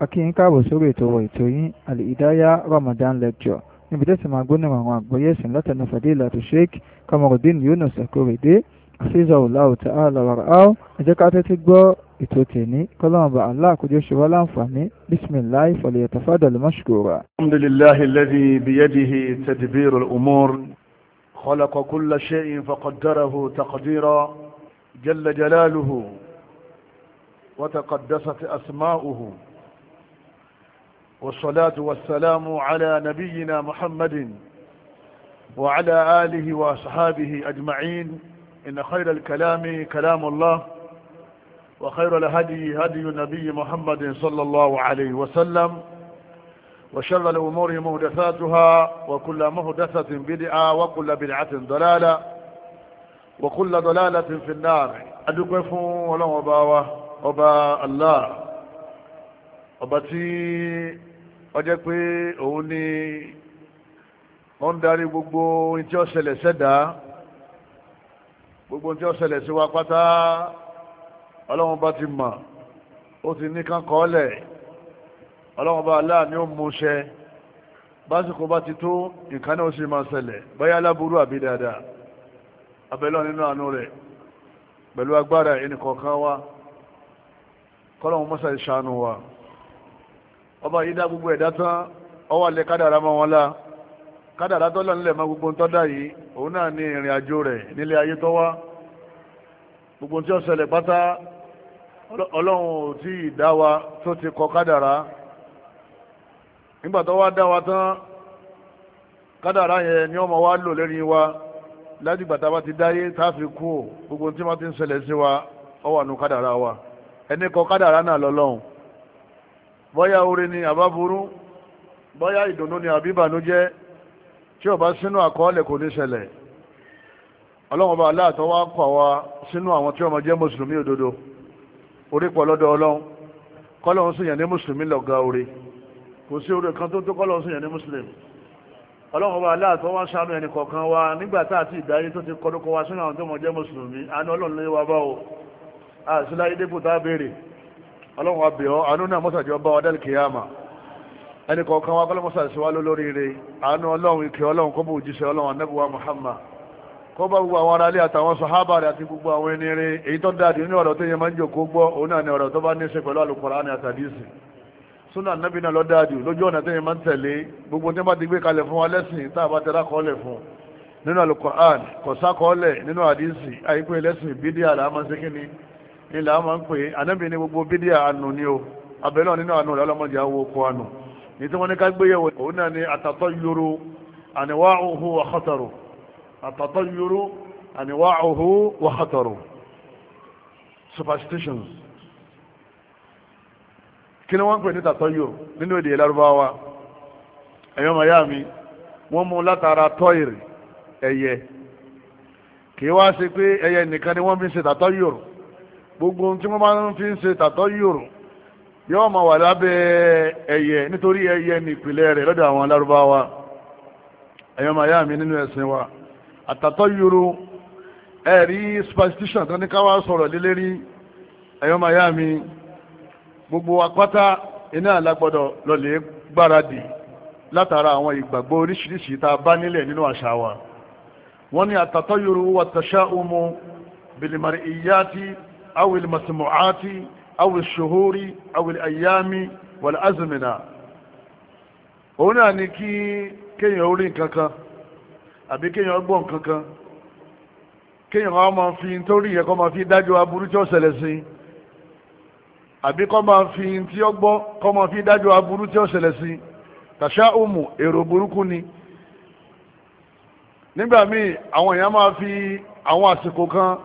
akíyín káàbọ̀ sórí ètò ọ̀rọ̀ ètò yín àlìdáyà Ramadan lecture níbi tẹ́sí máa gbóná àwọn àgbọ̀yé ẹ̀sìn látẹnu fadilatu Sheikh Kamarudin Yunus Akorede àfihàn ọ̀làwọ̀ tá a lọ rà áwọ̀ ẹ jẹ́ ká tẹ́tí gbọ́ ètò tèmi kọ́lọ́mọba aláàkójọ ṣe wá láǹfààní bisimilahi falyatafaddal mashkura. alhamdulilahi alladhi biyadihi tadbiru al-umur khalaqa kulla shay'in faqaddarahu taqdira jalla jalaluhu wa taqaddasat asma'uhu. والصلاة والسلام على نبينا محمد وعلى آله وأصحابه أجمعين إن خير الكلام كلام الله وخير الهدي هدي النبي محمد صلى الله عليه وسلم وشر الأمور مهدثاتها وكل مهدثة بدعة وكل بدعة ضلالة وكل ضلالة في النار أدقف ولو أبا الله أبا ó jẹ́ pé òun ni wọ́n ń darí gbogbo ohun tí ó ṣẹlẹ̀ sẹ́dá gbogbo ohun tí ó ṣẹlẹ̀ sí wa pátá ọlọ́run bá ti mọ̀ ó ti ní kán kọ́ọ́lẹ̀ ọlọ́run bá aláàánú ó mú ṣẹ básìkò bá ti tó nǹkan náà ó sì máa ṣẹlẹ̀ bóyá láburú àbí dáadáa abẹ́lọ́ nínú àánú rẹ̀ pẹ̀lú agbára ẹnìkọ̀ọ̀kan wa kọ́lọ́run mọ́sàá ìṣàánú wa. ọba yìí dá gbogbo ẹ̀dá tán ọwọ́ alẹ́ kádàrá mọ́ wọn la kádàrá ńlẹ̀ mọ́ gbogbo tọ́dá yìí òun náà ní ìrìn àjò rẹ̀ nílé ayé wá gbogbo tí ó ṣẹlẹ̀ pátá ọlọ́run ò tí ì wa tó ti kọ kádàrá nígbà tó wá dá wa tán kádàrá yẹn ni ọmọ wa lò wa láti bá ti dáyé tá gbogbo tí wọ́n ti ń ṣẹlẹ̀ sí wa ọwọ́ àánú kádàrá wa ẹni kọ kádàrá náà lọ́lọ́run bọ́yá oore ni àbáburú bọ́yá ìdùnnú ni àbíbànújẹ́ tí ó bá sínú àkọọ́lẹ̀ kò ní ṣẹlẹ̀ ọlọ́run ọba aláàtọ́ wá kọ́ wa sínú àwọn tí ó máa jẹ́ mùsùlùmí òdodo orí pọ̀ lọ́dọ̀ ọlọ́run kọ́lọ́run sì yàn ní mùsùlùmí lọ́gá oore kò sí oore kan tó tó kọ́lọ́run sì yàn ní mùsùlùmí ọlọ́run ọba aláàtọ́ wá ṣàánú ẹnì kọ̀ọ̀kan wa nígbà tá àti ìdáyé tó ti kọ́dúkọ wa sínú àwọn tó máa jẹ́ mùsùlùmí àná ọlọ́run lé wa bá o dépò tá a béèrè ọlọ́run wa bèọ́ àánú náà mọ́sàjọ́ bá wa dálì kìyàmà ẹnì kọ̀ọ̀kan wa kọ́lọ́ mọ́sàjọ́ wa lórí rẹ̀ àánú ọlọ́run ìkẹ́ ọlọ́run kó òjíṣẹ́ ọlọ́run anábùwà Muhammad kó bá gbogbo àwọn aráalé àtàwọn sàhábà rẹ̀ àti gbogbo àwọn ẹni rẹ̀ èyí tó dáadé ní ọ̀rọ̀ tó yẹ máa ń jòkó gbọ́ òun náà ni ọ̀rọ̀ tó bá ní í ṣe pẹ̀lú Al-Qur'ani àtàdísì súnà nábì náà lọ dáadé lójú ọ̀nà tó yẹ máa ń tẹ̀lé gbogbo tí wọ́n bá ti gbé kalẹ̀ fún wa lẹ́sìn tá a bá tẹ́lá kọ́ọ́lẹ̀ fún nínú Al-Qur'ani kọ̀sákọ́ọ́lẹ̀ nínú àdísì àyíkú ẹlẹ́sìn bídíà làá máa ń ṣe kíni ní là á máa ń pè ànábì ní gbogbo bídíà ànú ni o abẹ́lẹ́ nínú ànú rẹ̀ ọlọ́mọdé àwọn oko ànú ní tí wọ́n ní ká gbéyẹ̀wò òun náà ni àtàtọ́ yoro àníwá òhu wàhátọ̀rọ̀ àtàtọ́ yoro àníwá òhu wàhátọ̀rọ̀ superstitions kí ni wọ́n pè ní tàtọ́ yoro nínú èdè Lárúbáwá ẹ̀yọ́ mayami wọ́n mú látara tọ́ìrì ẹ̀yẹ kì í wá sí pé ẹ̀yẹ nìkan ni wọ́n fi ń ṣe tàtọ́ yoro gbogbo tí wọ́n bá ń fi ń ṣe tàtọ́ yòrò yóò máa wà lábẹ́ ẹyẹ nítorí ẹyẹ ní ìpìlẹ̀ rẹ̀ lọ́dọ̀ àwọn alárúbáwá ẹ̀yọ́ máa yá mi nínú ẹ̀sìn wa àtàtọ́ yòrò ẹ̀rí superstition tó ní káwá sọ̀rọ̀ lélẹ́rí ẹ̀yọ́ máa yá mi gbogbo apáta iná alágbọ́dọ̀ lọ́lẹ̀ gbáradì látara àwọn ìgbàgbọ́ oríṣiríṣi tá a bá nílẹ̀ nínú wa wọ́n ní àtàtọ́ yòrò ìyá أو المسموعات أو الشهور أو الأيام والأزمنة هنا نكي كي يولين كاكا àbí kéèyàn gbọ́ nǹkan kan kéèyàn wá máa fi nítorí yẹ kó máa fi dájọ́ aburú tí ó ṣẹlẹ̀ sí àbí kó máa fi tí ó gbọ́ kó máa fi dájọ́ aburú tí ó ṣẹlẹ̀ sí tàṣà òmù èrò burúkú ni nígbà míì àwọn èèyàn máa fi àwọn àsìkò kan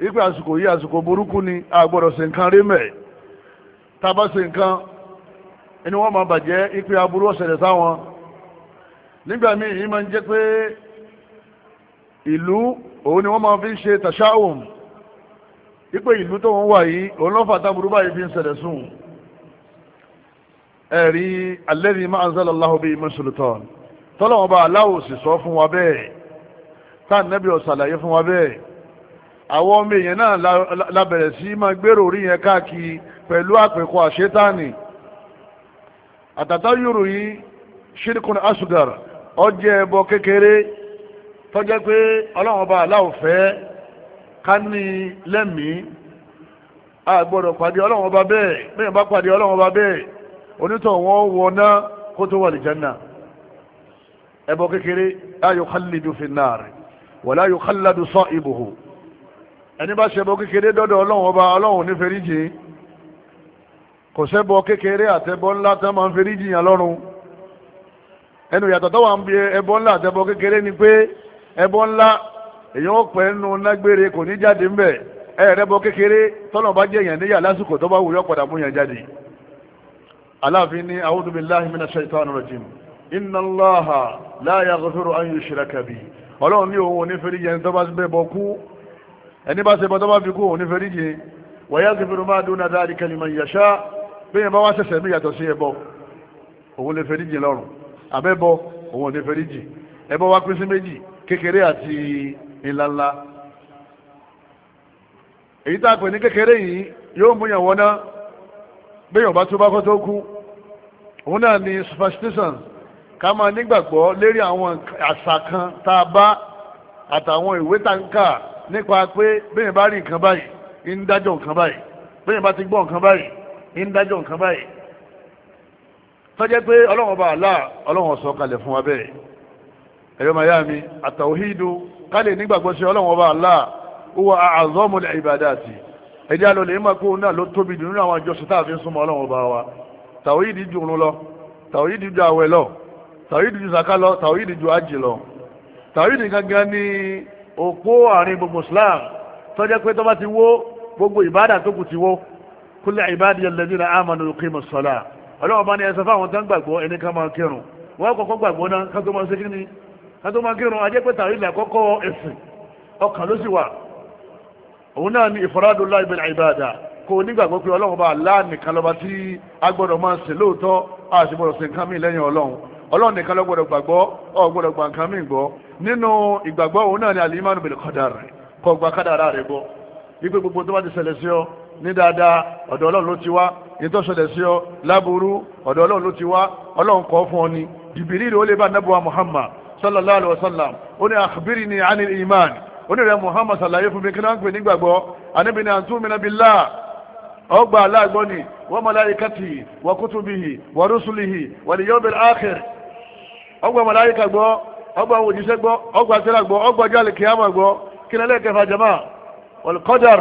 ipe àsìkò yìí àsìkò burúkú ni a gbọ́dọ̀ nǹkan rí mẹ́ tá a nǹkan ẹni wọ́n máa bàjẹ́ ipe aburú ọ̀sẹ̀lẹ̀ sáwọn nígbà míì yìí máa ń jẹ́ pé ìlú òun ni wọ́n máa fi ń ṣe tàṣáhùn ipe ìlú tó ń wà yìí òun lọ́fà táburú báyìí fi ń ṣẹlẹ̀ sùn ẹ̀rí alladhi ma anzala Allahu bihi tọ́lọ́wọ́n bá sì sọ fún wa bẹ́ẹ̀ táà àwọn ọmọ èèyàn náà labẹ̀rẹ̀ sí máa gbèrò rí yẹn káàkiri pẹ̀lú àpẹ̀kọ àṣetánì àtàtà yòrò yìí ṣírkùn asùgàr ọjẹ́ ẹbọ kékeré tọ́jẹ́ pé ọlọ́run ọba aláwọ̀ fẹ́ ká ní lẹ́mìí àgbọ̀dọ̀ pàdé ọlọ́run ọba bẹ́ẹ̀ bẹ́ẹ̀ bá pàdé ọlọ́run ọba bẹ́ẹ̀ onítọ̀ wọn wọ kó tó wà lè jẹ́nà ẹbọ kékeré la yukhalladu fi nnar wala yukhalladu sa'ibuhu ẹni bá ṣẹbọ kékeré dọ́dọ̀ ọlọ́run ọba ọlọ́run ní fẹ́ríjì kò ṣẹbọ kékeré àtẹbọ ńlá tán máa ń fẹ́ríjì yàn lọ́rùn ẹnu ìyàtọ̀ tó wà ń bi ẹbọ ńlá àtẹbọ kékeré ni pé ẹbọ ńlá èèyàn pẹ́ nù lágbére kò ní jáde ńbẹ ẹ̀ẹ́dẹ́bọ kékeré tọ́nà bá èèyàn níyà lásìkò tó bá wù yọ padà mú yàn jáde aláàfin ẹni bá ṣe bọ́tọ́ bá fi kú òun ní fẹ́ríjì wọ̀nyá ti fi rúmá dún náà dáadé kẹlìmọ̀ ìyàṣá bẹ́yẹn bá wá ṣẹ̀ṣẹ̀ mí yàtọ̀ sí ẹbọ òun lè fẹ́ríjì lọ́rùn àbẹ́bọ òun lè fẹ́ríjì ẹbọ wá pín sí méjì kékeré àti ńláńlá èyí tá a pè ní kékeré yìí yóò mú yàn wọná bẹ́yẹn bá tó bá kọ́ tó kú òun náà ni superstition, ká máa nígbàgbọ́ lérí àwọn àṣà kan tá a bá àtàwọn ìwé tá ń kà nípa pé bẹ́ẹ̀ bá rí nǹkan báyìí ń dájọ́ nǹkan báyìí bẹ́ẹ̀ bá ti gbọ́ nǹkan báyìí ń dájọ́ nǹkan báyìí tọ́jẹ́ pé ọlọ́run bá àlá ọlọ́run sọ kalẹ̀ fún wa bẹ́ẹ̀ ẹ̀yọ́ màyá mi àtàwíìdù kálẹ̀ nígbàgbọ́ sí ọlọ́run bá àlá huwa a'zamul ibadati ẹ̀dí alọ́lẹ̀ ìmọ̀ kó náà ló tóbi dùn nínú àwọn ìjọsìn tá a òpó àárín gbogbo islam tó jẹ́ pé tó bá ti wó gbogbo ìbádà tó kù ti wó kúlẹ̀ ìbádìí alladhina amanu yuqimus salah ọlọ́wọ́ bá ní ẹsẹ̀ fáwọn tán gbàgbọ́ ẹni ká máa kírun wọ́n kọ́kọ́ gbàgbọ́ náà ká tó máa ṣe kíni ká tó máa kírun ajẹ́ pé tàrí ilẹ̀ àkọ́kọ́ ẹ̀sìn ọkàn ló sì wà òun náà ọlọ́run nìkan ló gbọ́dọ̀ gbàgbọ́ ọ gbọ́dọ̀ gbà nǹkan mí gbọ́ nínú ìgbàgbọ́ òun náà ni alimanu bil qadar kó gba kádàrá rẹ̀ gbọ́ wípé gbogbo tó bá ti ṣẹlẹ̀ sí ọ ní dáadáa ọ̀dọ̀ ọlọ́run ló ti wá ní tó ṣẹlẹ̀ sí ọ láburú ọ̀dọ̀ ọlọ́run ló ti wá ọlọ́run kọ́ fún ọ ni jìbìrìlì ó lè bá nàbùwà muhammad sallallahu alaihi wasallam ó ní akhbirni anil iman onírẹ̀ muhammad sàlàyé fún mi kí náà ń pè nígbàgbọ́ anábìnrin àtúnmìnà billah ọgbà aláàgbọ́ ni wa malaikatihi wa kutubihi wa rusulihi wal yawmil akhir ọgbà màláyíkà gbọ́ ọgbà òjíṣẹ́ gbọ́ ọgbà tẹ́lá gbọ́ ọgbà jálè kìámà gbọ́ kí ni ẹlẹ́kẹfà jama wọlùkọ́dàr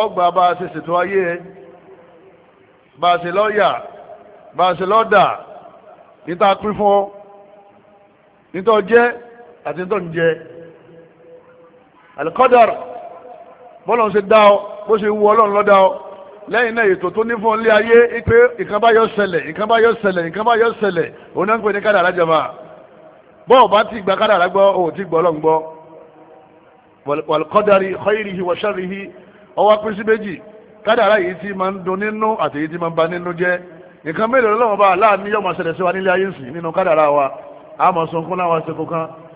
ọgbà bá a ṣe ṣètò ayé bá a ṣe lọ́ọ̀yà bá a ṣe lọ́ọ̀dà níta pín fún ọ nítọ́ jẹ́ àti nítọ́ ń jẹ́ alùkọ́dàr bọ́lọ̀ ń lẹ́yìn náà ètò tó ní fún ilé ayé pé nǹkan bá yọ ṣẹlẹ̀ nǹkan bá yọ ṣẹlẹ̀ nǹkan bá yọ ṣẹlẹ̀ òun náà ń pè ní kádàrá jàmá bọ́ọ̀ bá ti gba kádàrá gbọ́ ò ti gbọ́ ọlọ́run gbọ́ wàlùkọ́dárì khairihi wa sharrihi ọwọ́ pín sí méjì kádàrá yìí ti máa ń dùn nínú àti èyí ti máa ń ba nínú jẹ́ nǹkan mélòó lọ́wọ́ bá aláàánú yọ̀ máa ṣẹlẹ̀ sí wa nílé ayé sìn nínú kádàrá wa àmọ̀ sunkún láwọn àṣekùn kan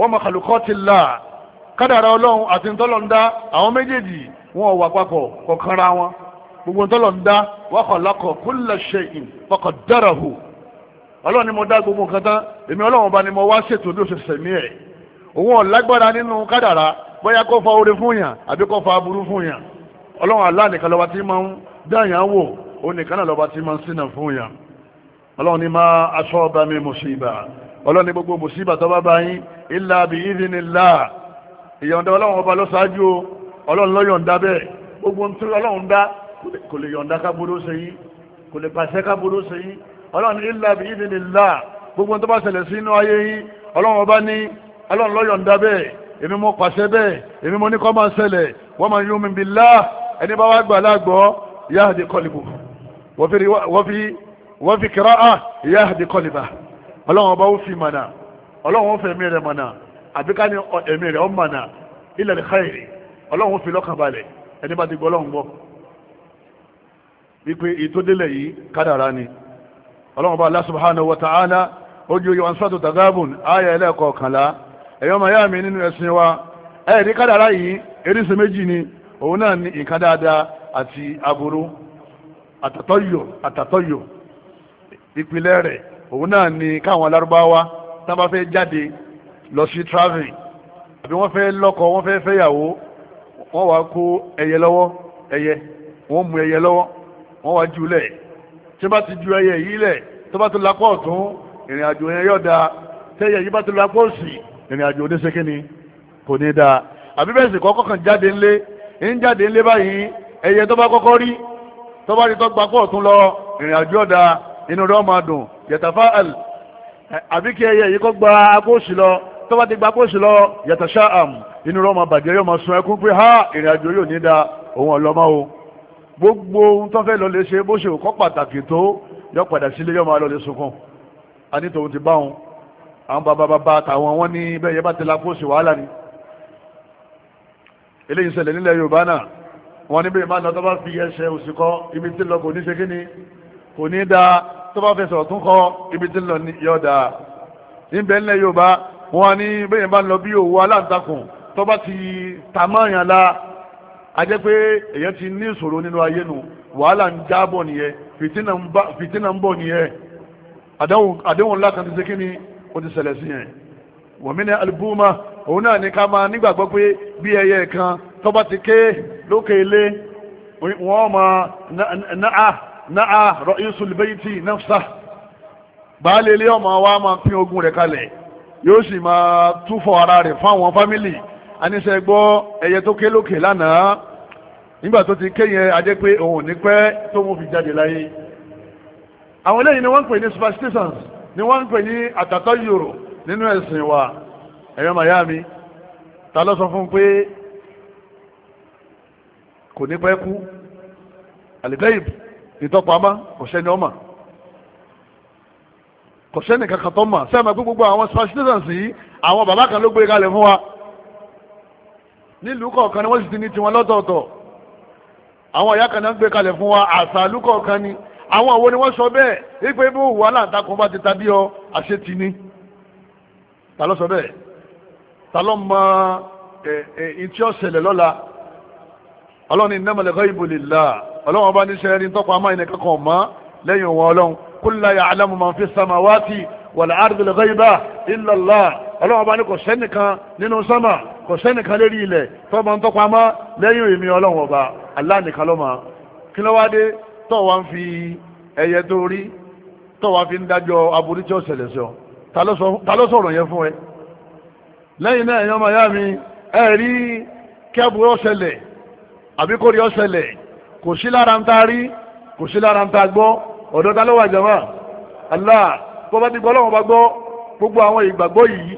wọ́n makhluqatillah kádàrá ọlọ́run àti ntọ́lọ́ndá àwọn méjèèjì wọn ò wà papọ̀ kọ̀kanra wọn gbogbo ntọ́lọ́ndá wa khalaqa kulla shay'in faqaddarahu ọlọ́run ni mo dá gbogbo nǹkan tán èmi ọlọ́run bá ni mo wá ṣètò bí òṣèṣẹ́ mi ẹ̀ òun ọ̀lágbára nínú kádàrá bóyá kó fa oore fún yàn àbí kó fa aburú fún yàn ọlọ́run Allah nìkan lọ́ba tí máa ń dáyàn wò òun nìkan náà lọ́ba tí máa ń ṣínà fún yàn ọlọ́run ni ma asaba min musiba ọlọ́run ní gbogbo mùsíbà tó bá bá yín illa bi idhnillah ìyọ̀ǹda ọlọ́run ọba ló ṣáájú o ọlọ́run ló yọ̀ǹda bẹ́ẹ̀ gbogbo ń tí ọlọ́run dá kò lè yọ̀ǹda kábúrú ṣe yín kò lè pàṣẹ kábúrú ṣe yín ọlọ́run illa bi idhnillah gbogbo tó bá ṣẹlẹ̀ sí inú ayé yín ọlọ́run ọba ní ọlọ́run ló yọ̀ǹda bẹ́ẹ̀ èmi mo pàṣẹ bẹ́ẹ̀ èmi mo ní kó máa ṣẹlẹ̀ wa man yu'min billah ẹni bá wá gbà lágbọ́ yahdi qalbu wa fi qira'a yahdi qalba ọlọ́run ọba ó fi mọ̀nà ọlọ́run ó fẹ́ ẹ̀mí rẹ̀ mọ̀nà àbíká ní ẹ̀mí rẹ̀ ó mọ̀nà ilẹ̀ ní káyìrì ọlọ́run ó fi lọ́kàn balẹ̀ ẹni bá ti gbọ́ ọlọ́run gbọ́ wípé ìtódélẹ̀ yìí kádàrá ni ọlọ́run ọba Allah subhanahu wa ta'ala ojú oyè wọn sọ́tò tagabun ayé ẹlẹ́kọ̀ọ̀kànlá ẹ̀yọ́ maya mi nínú ẹ̀sìn wa ẹ̀ẹ́dí kádàrá yìí eréṣẹ́ méjì ni òun náà ní nǹkan dáadáa àti aburú àtàtọ́yò àtàtọ́yò ìpìlẹ̀ rẹ̀ òun náà ni káwọn alárúbáwá tán bá fẹ́ jáde lọ sí traveling àbí wọ́n fẹ́ lọ́kọ wọ́n fẹ́ fẹ́yàwó wọ́n wá kó ẹyẹ lọ́wọ́ ẹyẹ wọ́n mú ẹyẹ lọ́wọ́ wọ́n wá jù lẹ̀ tí wọ́n bá ti ju ẹyẹ yìí lẹ̀ tó bá ti lakọ́ ọ̀tún ìrìn àjò yẹn yọ̀ da tẹ́yẹ yìí bá ti lakọ́ òsì ìrìn àjò oníṣẹ́kíni kò ní da àbí bẹ́ẹ̀ sì kọ́kọ́ kan jáde ńlé ń jáde ńlé báyìí ẹyẹ tó bá kọ́kọ́ rí tó bá rí tó gbapọ̀ ọ̀tún lọ ìrìn àjò ọ̀dà inú rẹ̀ ọmọ dùn yẹ̀tàfà àl àbí kí ẹyẹ yìí kọ́ gba akóòsì lọ tó bá ti gba akóòsì lọ yẹ̀tàṣà àm inú rẹ̀ ọmọ bàjẹ́ yóò máa sun ẹkún pé ha ìrìn àjò yóò ní da òun ọ̀lọ́mọ́ o gbogbo ohun tó fẹ́ lọ lè ṣe bó ṣe kọ́ pàtàkì tó yọ padà sílé yọ máa lọ lè sunkún a ní tòun ti bá wọn àwọn bàbá bàbá tàwọn wọn ní bẹ́ẹ̀ yẹ bá ti la akóòsì wàhálà ni eléyìí ṣẹlẹ̀ nílẹ̀ yorùbá náà wọn níbẹ̀ máa lọ tó bá fi ẹsẹ̀ òsìkọ́ ibi tí lọ kò ní ṣe kí kò ní dáa tó bá fẹsẹ̀ ọ̀tún kọ́ ibi tí ń lọ ní yọ̀dà níbẹ̀ ńlẹ̀ yorùbá wọn ní bẹ́ẹ̀ bá ń lọ bí òwú aláǹtakùn tó bá ti ta mọ́ọ̀yàn la a jẹ́ pé èèyàn ti ní ìṣòro nínú ayé nu wàhálà ń jábọ̀ nìyẹn fìtínà ń bọ̀ nìyẹn àdéhùn ńlá kan ti ṣe kí ni ó ti ṣẹlẹ̀ sí yẹn wọ̀mínà alibúmá òun náà ní ká máa nígbàgbọ́ pé bí ẹyẹ kan tó bá ti ké lókè ilé wọ́n máa náà náà ra'isul bayti nafsa baálé ilé ọmọ wa máa pín ogún rẹ̀ kalẹ̀ yóò sì máa túfọ̀ ara rẹ̀ fáwọn fámìlì aníṣẹ́ gbọ́ ẹyẹ tó ké lókè lánàá nígbà tó ti ké yẹn adé pé òun ní pẹ́ tó mú fi jáde láyé àwọn eléyìí ni wọ́n ń pè ní superstitions ni wọ́n ń pè ní àtàtọ́ yòrò nínú ẹ̀sìn wa ẹ̀yọ́ miami ta ló fún pé kò ní pẹ́ kú àlìbẹ́yìí ìtọ́pamá kò sẹ́ni ọmọ kò sẹ́ni kankan tó mọ̀ sẹ́mi pé gbogbo àwọn spasitations yìí àwọn bàbá kan ló gbé kalẹ̀ fún wa nílùú kọ̀ọ̀kan ni wọ́n sì ti ní tiwọn lọ́tọ̀ọ̀tọ̀ àwọn ìyá kan náà gbé kalẹ̀ fún wa àṣàlú kọ̀ọ̀kan ni àwọn òwo ni wọ́n sọ bẹ́ẹ̀ wípé bó wà láǹtakùn bá ti ta bí ọ àṣetì ni ta ló sọ bẹ́ẹ̀ ta ló mọ ẹ̀ ẹ̀ ìtí ọ̀sẹ̀lẹ̀ lọ́la ọlọ́ni innamal ghaibu ọlọ́run bá níṣẹ́ ẹni tọ́pọ̀ àmọ́ ẹnì kankan mọ́ lẹ́yìn wọn ọlọ́run kul la ya'lamu man fi samawati wal ardi al ghaiba illa Allah ọlọ́run bá ní kò sẹ́nìkan nínú sánmà kò sẹ́nìkan lérí ilẹ̀ tọ́pọ̀ tọ́pọ̀ àmọ́ lẹ́yìn èmi ọlọ́run ọba Allah nìkan ló mọ̀ kí ló wá dé tọ́ wa ń fi ẹyẹ tó rí tọ́ wa fi ń dájọ́ aburú tí ó ṣẹlẹ̀ sọ ta ló sọ̀rọ̀ yẹn fún ẹ lẹ́yìn náà ẹ̀yàn màyá mi ẹ̀ rí kẹ́bù ó ṣẹlẹ̀ àbí kò sí lára ń taari kò sí lára ń ta gbọ́ ọ̀dọ́ ta ló wà jama Allah tó bá ti gbọ́ lọ́wọ́ bá gbọ́ gbogbo àwọn ìgbàgbọ́ yìí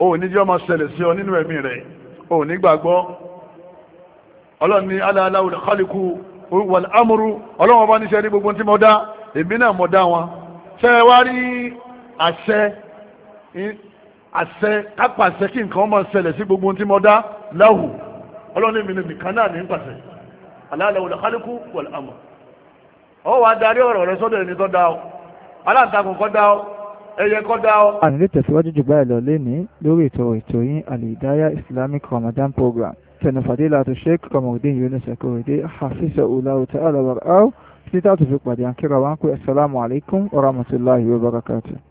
o ní jẹ́ ọmọ ṣẹlẹ̀ sí ọ nínú ẹ̀mí rẹ̀ o ní gbàgbọ́ ọlọ́ni aláàláwò kọ́líkù wà ámúrú ọlọ́wọ́ bá níṣẹ́ ní gbogbo tí mo dá èmi náà mo dá wọn ṣe wá rí àṣẹ àṣẹ kápàṣẹ kí nǹkan ọmọ ṣẹlẹ̀ sí gbogbo tí mo dá láhùú ọlọ́run mi nìkan náà ní pàṣẹ aláàlẹ́ wọlé kálíkù wọlé àmọ́ ọ wà darí ọ̀rọ̀ rẹ sọ́dọ̀ ẹni tó dá ọ aláǹtakùn kọ́ dá ọ ẹyẹ kọ́ dá ọ. ànílé tẹ̀síwájú jù báyìí lọ léni lórí ètò ètò yín alìdáyà Islamic Ramadan program tẹnu fàdílà Sheikh Kamaldeen Yunus Akorede hafiza ulaw ta'ala war'aw títí tá a fi pàdé àkírà wa ń